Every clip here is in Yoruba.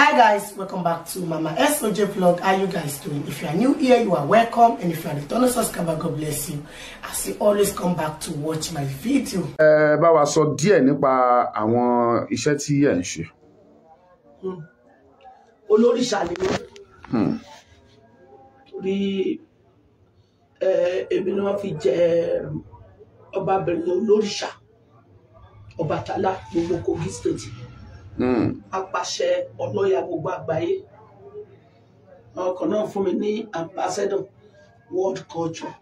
hi guys welcome back to mama soj vlog how you guys doing if you are new here you are welcome and if you are returning subscriber god bless you as you always come back to watch my video. ẹ bá wa sọ díẹ̀ nípa àwọn iṣẹ́ tí ẹ ń ṣe. Hmm. olóríṣà ni mí hmm. torí èmi ni wọ́n fi jẹ ọbabìnrin olóríṣà ọbàtálá gbogbo Kogi state apàṣẹ ọlọ́yà gbogbo àgbáyé ọkàn náà fún mi ní ambassador world culture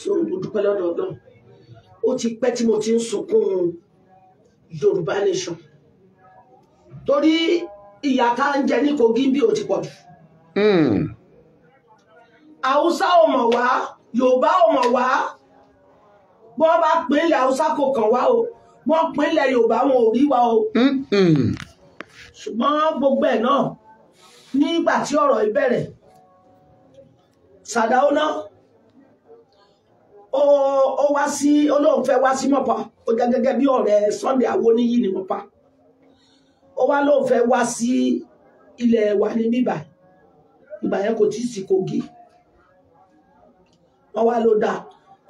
so mo dúpẹ́ lọ́dọ̀ Ọlọ́run ó ti pẹ́ tí mo ti ń sunkún Yorùbá nation torí ìyà tá ń jẹ ní Kogi bí ó ti pọ̀ jù hmm. Haúsá ò mọ̀ wá Yorùbá ò mọ̀ wá bí bá pè é ilẹ̀ Haúsá kò kàn wá o wọ́n pinlẹ̀ yorùbá wọn ò rí wa o ṣùgbọ́n gbogbo ẹ̀ náà nígbà tí ọ̀rọ̀ yìí bẹ̀rẹ̀ Sàdáó náà ó wá sí olóhùn fẹ́ wá sí mọ̀pá ó jẹ́ gẹ́gẹ́ bí ọ̀rẹ́ Sunday Awoniyi ní mọ̀pá ó wá lóhùn fẹ́ wá sí ilẹ̀ wa ní bíbà ìgbà yẹn kò tí ì sí Kogi wọ́n wá ló dáa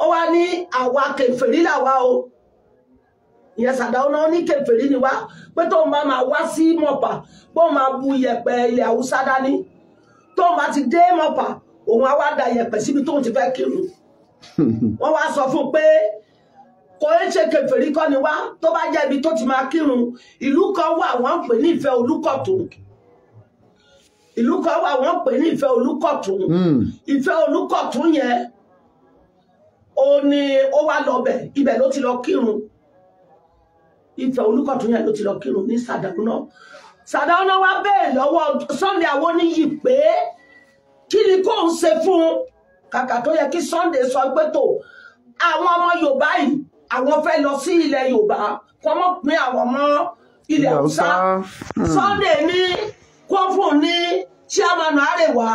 ó wá ní àwa kèfèrí làwa o ìyẹn Sàdáúná ní kèfèrí ni wá pé tóun bá máa wá sí mọ̀pà bóun máa bu yẹ̀pẹ̀ ilẹ̀ haúsá dání tóun bá ti dé mọ̀pà òun á wá da yẹ̀pẹ̀ síbi tóun ti fẹ́ kírun wọ́n wá sọ fún un pé kò ń ṣe kèfèrí kọ́ ni wá tó bá jẹ́ ibi tó ti máa kírun ìlú kan wà wọ́n ń pè ní ìfẹ́ olúkọ̀tún ìlú kan wà wọ́n ń pè ní ìfẹ́ olúkọ̀tún hmm. ìfẹ́ olúkọ̀tún yẹn ó ní ó wá lọ bẹ̀ ibẹ̀ ló ti lọ kírun Ifẹ̀ Olúkọ̀túnyà ló ti lọ kírun ní Sàdáúná Sàdáúná wá bẹ́ẹ̀ lọ́wọ́ Sunday Awoniyi pé kí ni kò ń ṣe fún un kàkà tó yẹ kí Sunday sọ pé tó àwọn ọmọ Yorùbá yìí àwọn fẹ́ lọ sí ilẹ̀ Yorùbá kọ́ mọ́ pín àwọn ọmọ ilẹ̀ Haúsá hmm. Sunday ní kó fún un ní chairman Arewa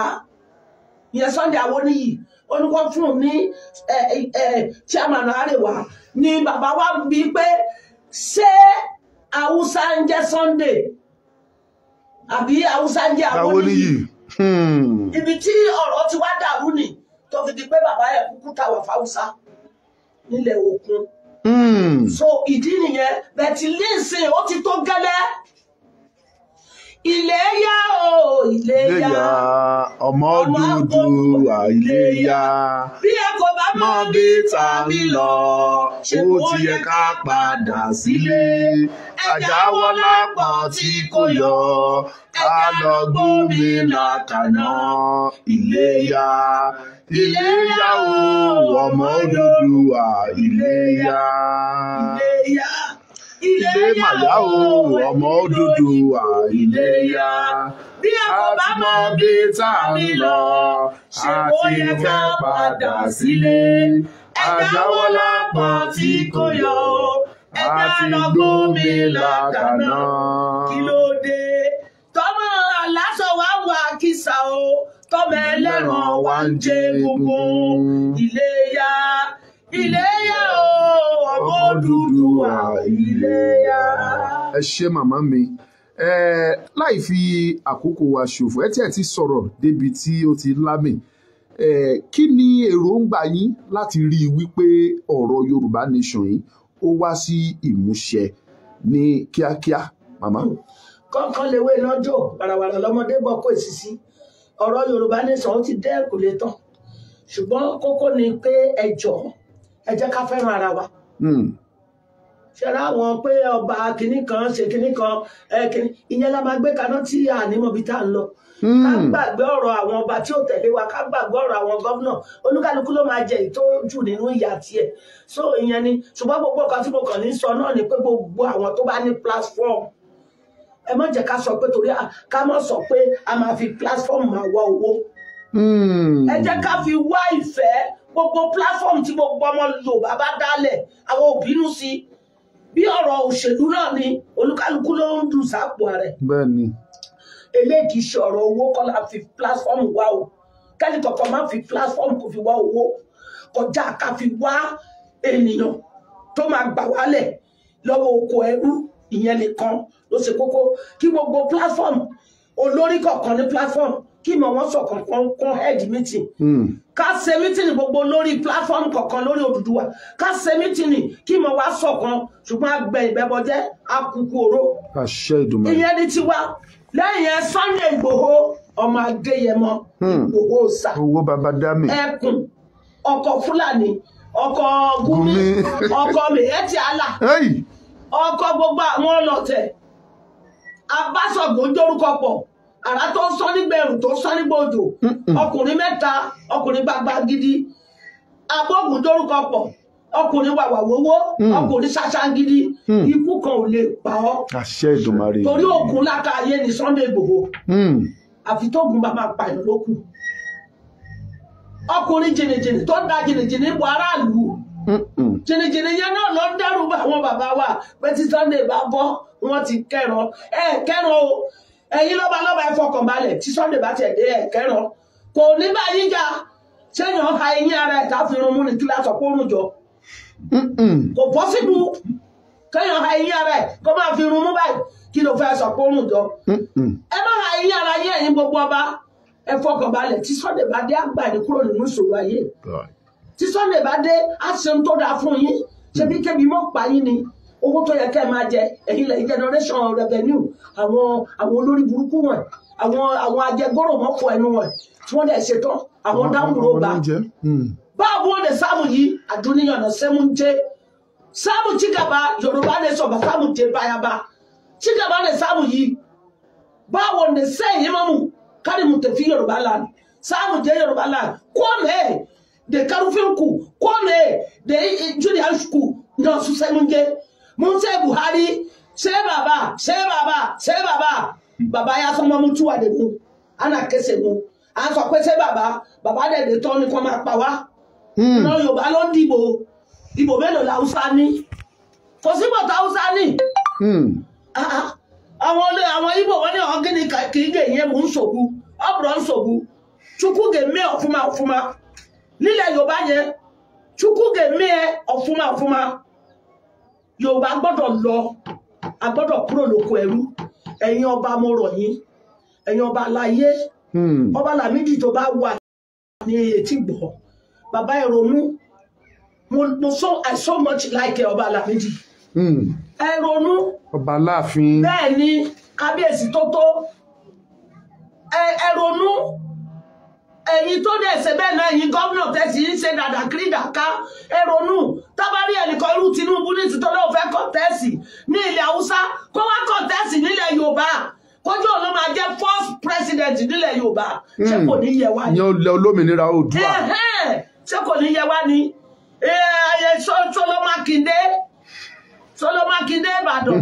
ìyẹn Sunday Awoniyi ó ní kó fún un ní eh, eh, eh, chairman Arewa ni bàbá wa bí pé ṣé haúsá ń jẹ́ Sunday àbí haúsá ń jẹ́ Awoniyi hmm. ibi tí ọ̀rọ̀ ti wá dàrú ni tó fi di pé bàbá yẹn kúkú táwọn fáwùsá nílẹ̀ òkun hmm. so ìdí nìyẹn bẹ̀tì lẹ́sìn ó ti tó gẹ́lẹ́ iléyá o iléyá ọmọ dúdú àìléyá bí ẹ kò bá mọ bí tàbí lọ ṣé ó ti yẹ ká padà sílé àjáwọ́ lápọn tí kò yọ ká lọ gbómi látàná iléyá iléyá o ọmọ dúdú àìléyá. iléyá ilé màyá o ọmọ òdodo àìléyá bí a kò bá mọ bí tá a ń lọ ṣe kó yẹ ká padà sílé àjáwọ́ lápá tí kò yọ ẹ̀ka lọ́gbọ́nmi làkàná kí ló tọmọ aláṣọ wa wà kìsà o tọmọ ẹlẹ́ran wa ń jẹ gungun iléyá iléyá o ọmọ dúdú àìléyá ẹ ṣe màmá mi láì fi àkókò wa ṣòfò ẹ tí ẹ ti sọ̀rọ̀ débi tí ó ti lámì kí ni èròǹgbà yín láti rí i wípé ọ̀rọ̀ Yorùbá nation yìí ó wá sí ìmúṣẹ ní kíákíá màmá. kọ́ńkọ́ lè wé lọ́jọ́ wàràwàrà lọ́mọdé bọ́ kó èsìsí ọ̀rọ̀ Yorùbá nation ó ti dẹ́ kò lè tán ṣùgbọ́n kókó ni pé ẹ jọ̀ọ́ ẹ jẹ́ ká fẹ́ràn ara wa. Hmm ṣẹ́ra wọn pé ọba kìnní kan ṣe kìnní kan ẹ̀kìnní ìyẹn la máa gbé kaná tí ànímọ̀ bí tá à ń lọ. Hmm. ká gbàgbé ọ̀rọ̀ àwọn ọba tí ò tẹ̀lé wa ká gbàgbé ọ̀rọ̀ àwọn gómìnà olúkálukú ló máa jẹ ìtọ́jú nínú ìyà tiẹ̀ so ìyẹn ni ṣùgbọ́n gbogbo ọ̀kan tí mo kàn ní sọ náà ni pé gbogbo àwọn tó bá ní platform ẹ má jẹ́ ká sọ pé torí ká má sọ pé a máa fi platform máa wá owó hmm. ẹ jẹ́ ká fi wá ìfẹ́ gbogbo platform tí gbogbo ọmọ Yorùbá bá dálẹ̀ àwọn òbínú sí i bí ọ̀rọ̀ òṣèlú náà ni olúkálukú ló ń dùn sápò rẹ̀. bẹ́ẹ̀ni. eléyìí kì í ṣe ọ̀rọ̀ owó kọ́ la fi platform wá o kẹ́lí kọ̀ọ̀kan máa fi platform kò fi wá owó kọjá ká fi wá ènìyàn tó máa gbà wálẹ̀ lọ́wọ́ oko ẹrú ìyẹn nìkan ló ṣe kókó kí gbogbo platform olórí kọ̀ọ̀kan ní platform kí ìmọ̀ wọn sọ̀kan kan kún head meeting. Mm ká ṣe mítìnì gbogbo lórí platform kọ̀ọ̀kan lórí Odùduwà ká ṣe mítìnì kí mo wá ṣọ̀kan ṣùgbọ́n agbẹ̀ ìbẹ́bọjẹ́ akuku oró ìyẹn ni tiwa lẹ́yìn yẹn Sunday Ìgbòho ọmọ Adéyẹmọ Ìgbòho hmm. ọ̀sà owó baba dami ẹkùn ọkọ̀ Fúlàní ọkọ̀ Gumi ọkọ̀ mẹ̀ẹ́tì àlà ọkọ̀ gbogbo àwọn ọlọ́tẹ̀ abáṣọ̀gbọ̀n jórúkọ pọ̀ àrà tó ń sọ nígbà ẹ̀rù tó ń sọ nígbà òjò ọkùnrin mẹ́ta ọkùnrin gbagba gidi abọ́ọ̀gùn dórúkọ pọ̀ ọkùnrin wàwà wowó mm. ọkùnrin ṣaṣangidi mm. ikú kan ò lè pa ọ́ torí òkun láka ayé ni Sunday Igboho mm. àfi tóògùn bá máa pààyàn lókù ọkùnrin jìnnìjìnnì tó ń da jìnnìjìnnì bọ aráàlú jìnnìjìnnì yẹn náà ló ń dẹ́rù bá àwọn bàbá wa pé tí Sunday bá bọ́ wọ́n ti kẹ́rọ ẹ kẹ́rọ o ẹ̀yin lọ́ba lọ́ba ẹ fọkàn balẹ̀ tí sunday bá tiẹ̀ dé ẹ̀kẹ́ràn kò ní bá yín jà ṣéèyàn ha eyín ara ẹ̀ táfi irun mú ni kí lásán kó rùn jọ kò pọ́sibú kéèyàn ha eyín ara ẹ̀ kó máa fi irun mú báyìí kí ló fẹ́ sọ pé ó rùn jọ ẹ má ha eyín ara yín ẹ̀yin gbogbo ọba ẹ fọkàn balẹ̀ tí sunday bá dé àgbà ní kúrò nínú ìṣòro ayé tí sunday bá dé á ṣe ń tó dáa fún yín ṣebí kébi mọ́ pa yín ni. Mm -mm owó tó yẹ kẹ́ máa jẹ ẹ̀yin lẹ́yìn generation revenue àwọn àwọn olórí burúkú wọn àwọn àwọn ajẹgbọ́rọ̀ mọ́kọ ẹnu wọn tí wọ́n dẹ̀ ṣetán àwọn dáhùn ló bá hmm. báwo wọn dẹ̀ sáàmù yìí àdúnyàn náà sẹ́mu ń jẹ́ sáàmù chikaba yorùbá lè sọ̀bà sáàmù jẹ́ bayaba chikaba lè sáàmù yìí báwo ne sẹ́yìn mọ́mù kárí tẹ̀fí yorùbá land sáàmù jẹ́ yorùbá land kọ́mẹ́ de karufinku kọ́mẹ́ de julian school náà sùsẹ́mu jẹ́ mun buhari se baba se baba se baba baba ya san mutuwa da mu ana kese mu a sọ pé ṣé baba bàbá dẹ̀ lè tọ́ ni kí wọ́n pa wá. lọ hmm. yorùbá ló ń dìbò ìbò mélòó la ní kò sí bọ̀tà hmm. ah, ah. ní. àwọn àwọn ibo wọn ní àwọn gíní kì í gé ìyẹn mò ń sògbu ọ̀bùrọ̀ ń sògbu chukwu ga ọ̀fuma ọ̀fuma nílẹ̀ yorùbá yorùbá gbọ́dọ̀ lọ a gbọ́dọ̀ kúrò lóko ẹrú ẹ̀yin ọba mo rọ̀ yín ẹ̀yin ọba láyé hmm. ọba làmídì tó bá wà ní etí gbọ́ bàbá ẹ ronú mo so i so much like ọba làmídì hmm. ẹ ronú kábíyèsí tó tó ẹ ẹ̀yin tó dẹ̀ ṣe bẹ́ẹ̀ náà ẹ̀yin gómìnà tẹ̀sí ń ṣe dàdà kiri dàka ẹ̀rọ̀nù tábàárí ẹnìkan irú Tinubu ní tìtọ́ náà fẹ́ kọ̀tẹ́sì ní ilẹ̀ Haúsá kó wá kọ̀tẹ́sì nílẹ̀ Yorùbá kójú òun ló máa jẹ́ first president nílẹ̀ Yorùbá ṣé kò ní yẹ wá ni. ní ilẹ̀ olómìnira Oòduà. ṣé kò ní yẹ wá ni Ṣọlá Mákindé sọlọ mákindé ìbàdàn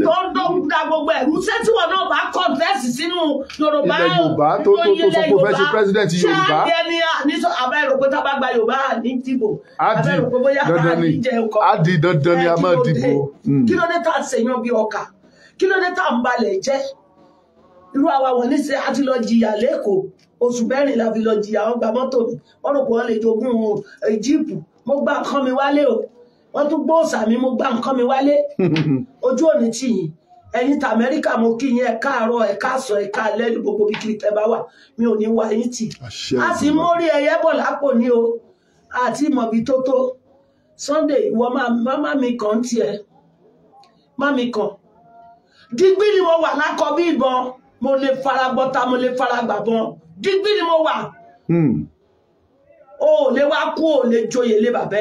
tó ń tó da gbogbo ẹrú ṣé tí wọn náà bá kọńtẹ́sì sínú yorùbá ilẹ̀ yorùbá tó tó tó sọ pé fẹ́ ṣe pírẹsidẹ̀ntì yorùbá ṣáà jẹ́ ní àníṣọ abẹ́rò pé tábà gba yorùbá ní dìbò abẹ́rò pé bóyá a ní jẹ nǹkan á dandan ni a máa dìbò hmm. kí ló dé tá a ṣèyàn bí ọkà kí ló dé tá a ń balẹ̀ jẹ́ irú àwa wọn níṣẹ́ a ti lọ jìyà lẹ́kọ̀ọ́ oṣù mẹ́rin la fi lọ jìyà wọn gba mọ́tò mi wọn rò pé wọn lè jogún eh, jíìpù mo gba nǹkan mi wálé o wọ́n tún gbọ́ sàmí mo gbá nǹkan mi wálé ojú òní tì yín ẹ̀yin tí amẹ́ríkà mo kí yín ẹ káàárọ̀ ẹ káàsán ẹ káalẹ́ ní gbogbo bí kiri tẹ́ bá wà mi ò ní wá yín tì a sì mú orí ẹyẹ bọ̀ lápò ní o àti ìmọ̀bí tó tó Sunday ìwọ má mi kàn tiẹ̀ má mi kàn digbí ni mo wà lákọ bí ìbọn mo lè fara gbọ́ta mo lè fara gbàbọn digbí ni mo wà hmm. o lè wá kú o lè joyè lé bàbá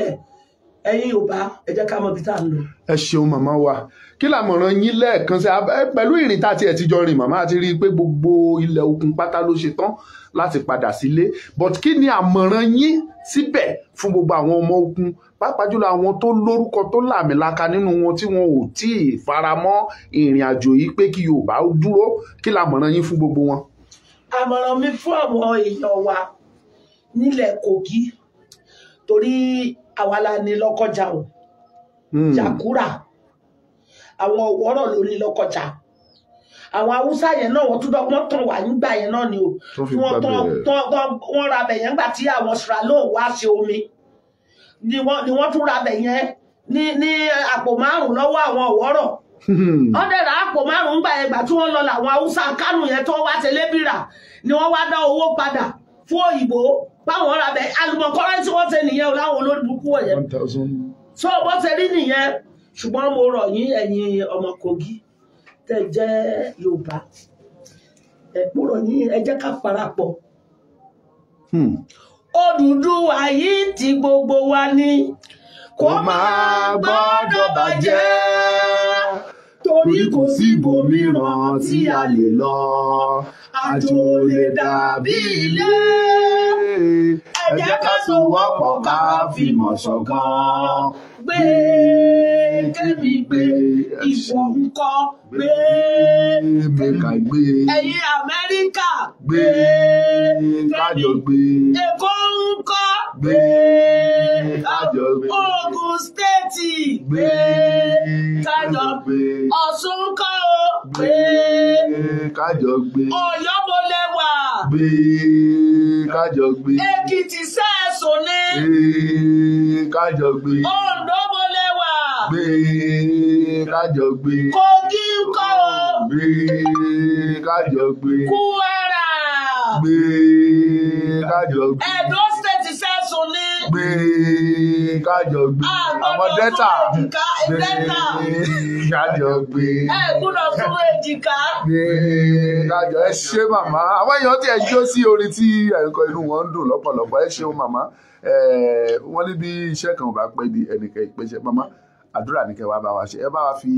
ẹ̀yin ò bá ẹ jẹ́ ká mọ ibi tá à ń ẹ ṣeun màmá wa kí làmọ̀ràn yín lẹ́ẹ̀kan sí pẹ̀lú ìrìn tá a tiẹ̀ ti jọ rìn màmá àti rí i pé gbogbo ilẹ̀ òkun pátá ló ṣe tán láti padà sílé but kí ni àmọ̀ràn yín síbẹ̀ fún gbogbo àwọn ọmọ òkun pàápàá jùlọ àwọn tó lórúkọ tó làmìlaka nínú wọn tí wọn ò tí ì faramọ́ ìrìn àjò yìí pé kí Yorùbá dúró kí làmọ̀ràn yín fún gbogbo wọn. àmọ̀ràn mi fún àwọn èèyàn wa nílẹ̀ Kogi torí àwa la ní lọ́kọjà o hmm. Jakura àwọn ọ̀wọ́rọ̀ ló ní lọ́kọjà àwọn haúsá yẹn náà wọ́n tún dọ́ wọ́n tàn wá nígbà yẹn náà ni o wọ́n tàn wọ́n ra bẹ̀ yẹn nígbà tí àwọn sùràlóò wá ṣe omi ni wọ́n tún ra bẹ̀ yẹn ní ní àpò márùn-ún lọ́wọ́ àwọn ọ̀wọ́rọ̀ hmm. wọ́n dẹ̀rẹ̀ àpò márùn gbà ẹgbà tí wọ́n lọ làwọn haúsá kánù yẹn tó wá ṣe lébìrà ni wọ́n wá dá owó padà fún òyìnbó báwọn ra bẹ àlùmọ̀kọ́rẹ́ tí wọ́n ṣe nìyẹn láwọn olóòdùkú wọ̀nyẹn so bó ṣe rí nìyẹn ṣùgbọ́n mo rọ̀ yín ẹ̀yin ọmọ Kogi tẹ́ jẹ́ Yorùbá mo rọ̀ yín ẹ jẹ́ ká parapọ̀ hmm. Odùduwà yìí ti gbogbo wa ni kò máa gbọ́dọ̀ bàjẹ́ torí kò sí ibòmíràn tí a lè lọ àjò lè dàbí ilé ẹ jẹ́ ká sowọ́pọ̀ ká fìmọ̀ ṣọ̀kan gbé kẹ́mi gbé ìwọ ńkọ́ gbé mẹ́ka gbé ẹ̀yin Amẹ́ríkà gbé kájọ gbé Èkó ńkọ́ gbé kájọ gbé Ogun Stéètì gbé kájọ gbé Ọ̀ṣun ńkọ́ gbé kájọ gbé Ọ̀yọ́ mo lẹ́wọ̀ gbé kájọ gbé. èkìtì sẹ́ẹ̀sùn ni. gbé kájọ gbé. oǹdó mo lè gbé kájọ gbé. kogi ń kọ́ o. gbé kájọ gbé. kúwárà. gbé kájọ gbé. ẹ̀dó stéètì sẹ́ẹ̀sùn ni. gbé kájọ gbé ọmọ dẹ́tà gbé kájọ gbé gbé kájọ ẹ ṣe màmá àwọn èèyàn tí ẹ jó sí orin tí ẹ̀kọ́ inú wọn ń dùn lọ́pọ̀lọpọ̀ ẹ ṣeun màmá wọ́n ní bí iṣẹ́ kan ò bá pẹ́ di ẹnìkan ìpèsè màmá àdúrà ní kẹwàá bá wa ṣe ẹ bá wa fi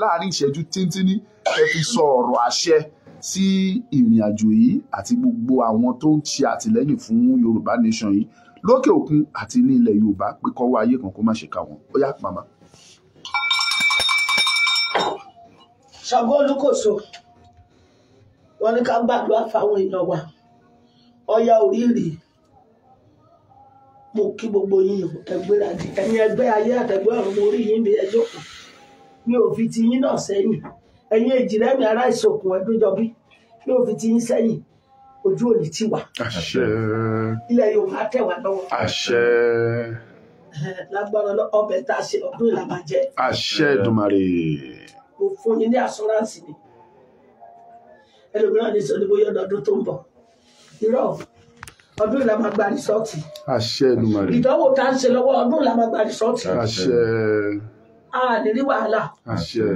láàrin ìṣẹ́jú tíntínní ẹ fi sọ ọ̀rọ̀ àṣẹ sí ìrìn àjò yìí àti gbogbo àwọn tó ń ṣe àtìlẹ́yìn fún Yorùbá Nation yìí lókè òkun àti ní ilẹ̀ yorùbá pé kọ́wọ́ ayé kan kó má ṣe ká wọn ó yá màmá. Ṣàngó Olúkòso wọn ní ká gbàdúrà fáwọn èèyàn wa Ọya Orírì mo kí gbogbo yín ẹgbẹ́ra di ẹ̀yin ẹgbẹ́ ayé àtẹ̀gbẹ́ ọ̀run mo rí yín bí ẹ jókòó mi ò fi ti yín náà sẹ́yìn ẹ̀yin èjìrẹ́ mi ará ìsòkùn ẹ̀dúnjọbí mi ò fi ti yín sẹ́yìn ojú òní ti wà. àṣẹ. ilẹ̀ yorùbá tẹ̀ wá lọ́wọ́. àṣẹ. lágbára ọbẹ̀ tá a ṣe ọdún ìlànà àṣẹ Èdùmàrè. mo fún yín ní assurance ni ẹlòmíràn ní sọ ní tó ń bọ̀ irọ́ ọdún ìlà máa àṣẹ Èdùmàrè. ìdánwò tá a ṣe lọ́wọ́ ọdún ìlà máa àṣẹ. a ní rí wàhálà. àṣẹ.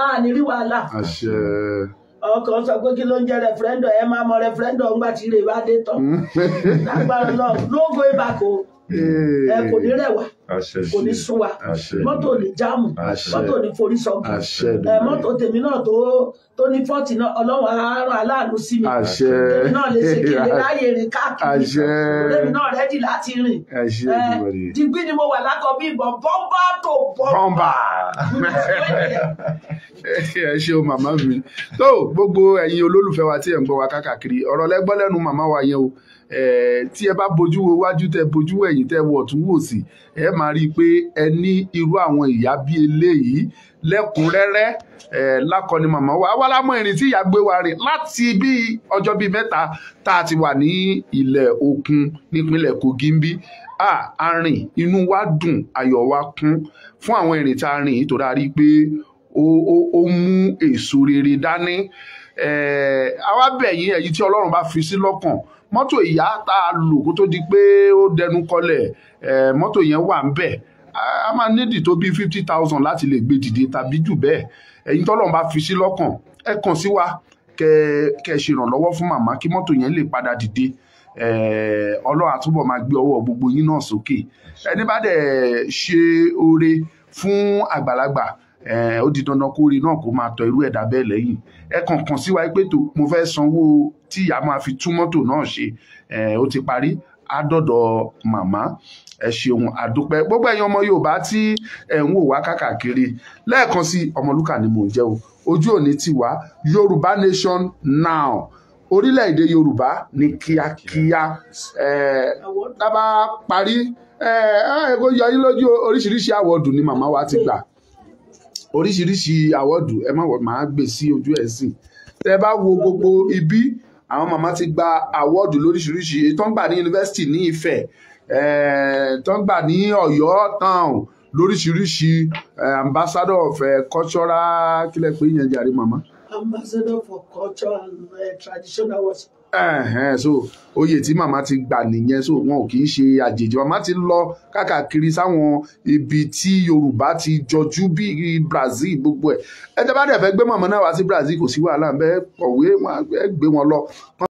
a ní rí wàhálà. àṣẹ ọkàn sọ pé kí ló ń jẹ rẹfúrẹńdọ ẹ máa mọ rẹfúrẹńdọ ńgbà tí rè bá dé tán mm. lágbára náà no go back o ẹ kò ní rẹwà kò ní sú wa mọ́tò ò ní jáàmù mọ́tò ò ní forí sọ́ọ̀bù mọ́tò tèmi náà tó tó ní fọ́ọ̀tì náà ọlọ́run aráàrùn aláàánú sí mi tèmi náà lè ṣe kéde láàyè rìn káàkiri tèmi náà rẹ́dì láti rìn digbí ni mo wà lákọ̀ bí ìbọn bọ́mbà tó bọ́mbà. ẹ ṣe o màmá mi tó gbogbo ẹ̀yin olólùfẹ́ wa tí ẹ̀ ń gbọ́ wa káàkiri ọ̀rọ̀ lẹ́gbọ́n lẹ́nu màmá wa yẹn o tí ẹ bá bojú wo wájú tẹ bojú wo ẹ̀yìn tẹ wọ ọ̀tún wò sí ẹ máa rí i pé ẹ ní irú àwọn ìyá bí eléyìí lẹ́kùnrẹ́rẹ́ lákọni màmá wa wá lámọ ìrìn tí ìyá gbé wa rìn láti bí ọjọ́ bíi mẹ́ta tá a ti wà ní ilẹ̀ òkun nípínlẹ̀ Kogi ń bí a rìn inú wa dùn ayọ̀ wa kún fún àwọn ìrìn tá a rìn yìí tó dáa rí i pé ó mú èso rere dání àwa bẹ̀ yín èyí tí Ọlọ́run bá fi sí lọ́kàn mọ́tò ìyá tá a lò kó tó di pé ó dẹnu kọlẹ̀ mọ́tò yẹn wà ń bẹ̀ a máa nídì tó bíi fifty thousand láti lè gbé dìde tàbí jù bẹ́ẹ̀ ẹ̀yin tọ́lọ́run bá fi sí lọ́kàn ẹ kàn sí wa kẹ́ kẹ́ ṣèrànlọ́wọ́ fún màmá kí mọ́tò yẹn lè padà dìde ọlọ́run àtúbọ̀ máa gbé ọwọ́ gbogbo yín náà sókè ẹni bá dẹ̀ ṣe oore fún àgbàlagbà ó di dandan kó rí náà kó máa tọ irú ẹ̀dá bẹ́ẹ̀ lẹ́yìn ẹ kàn kàn sí wa pé tó mo fẹ́ sanwó tí ìyá máa fi tún mọ́tò náà ṣe ó ti parí adọ́dọ̀ màmá ẹ ṣeun àdúpẹ́ gbogbo ẹ̀yin ọmọ Yorùbá tí ẹ̀ ń wò wá káàkiri lẹ́ẹ̀kan sí Ọmọlúkà ni mò ń jẹ́ o ojú òní tiwa Yorùbá Nation now orílẹ̀-èdè Yorùbá ní kíákíá tá a bá parí ẹ ẹ kó yọ yín lójú oríṣiríṣi àwọ̀dùn ni màmá wa ti gbà oríṣiríṣi àwọ́dù ẹ má wọ màá gbé sí ojú ẹ̀ sìn tẹ bá wo gbogbo ibi àwọn màmá ti gba àwọ́dù lóríṣiríṣi tó ń gbà ní yunifásitì ní Ifẹ̀ eh, tó ń gbà ní Ọ̀yọ́ town lóríṣiríṣi eh, ambassador of eh, cultural kílẹ̀ pé yẹn jàre màmá. ambassador for culture and uh, traditional worship so oyè tí màmá ti gbà nìyẹn so wọn ò kì í ṣe àjèjì màmá ti lọ káàkiri sáwọn ibi tí yorùbá ti jọjú bí brazil gbogbo ẹ̀ ẹ tẹ́ bá dẹ̀ fẹ́ gbé màmá náà wá sí brazil kò sí wàhálà ń bẹ kọ̀wé ẹ gbé wọn lọ.